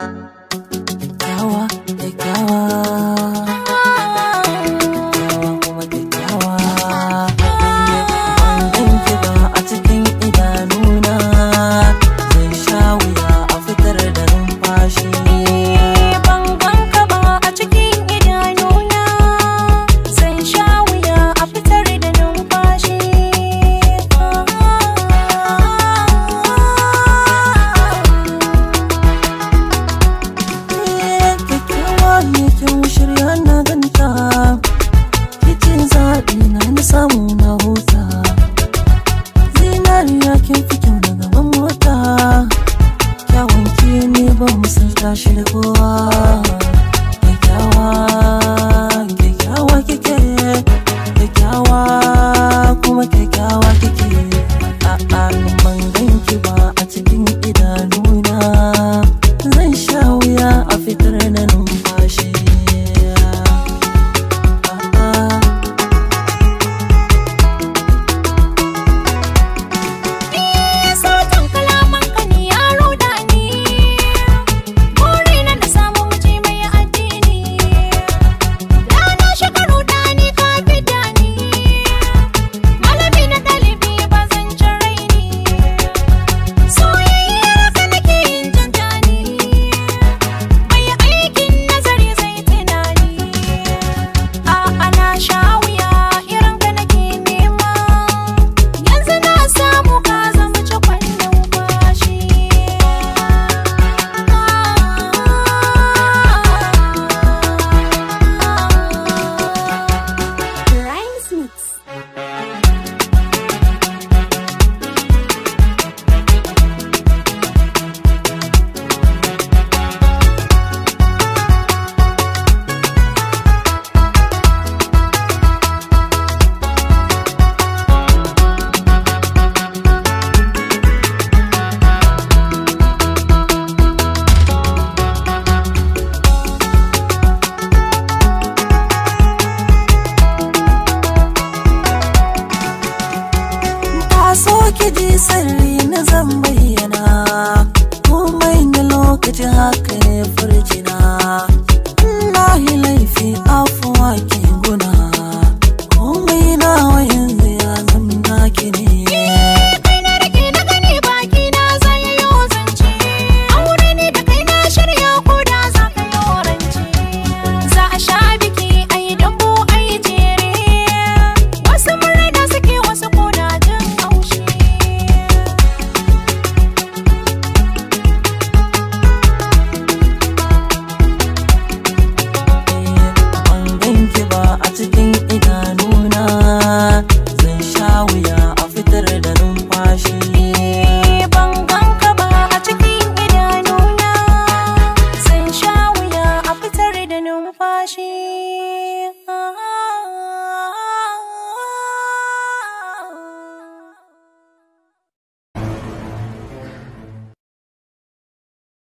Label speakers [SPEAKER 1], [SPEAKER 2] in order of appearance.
[SPEAKER 1] Thank you. wash ka ji sarri na zan bayyana komai na lokaci haka ya furjina
[SPEAKER 2] 发现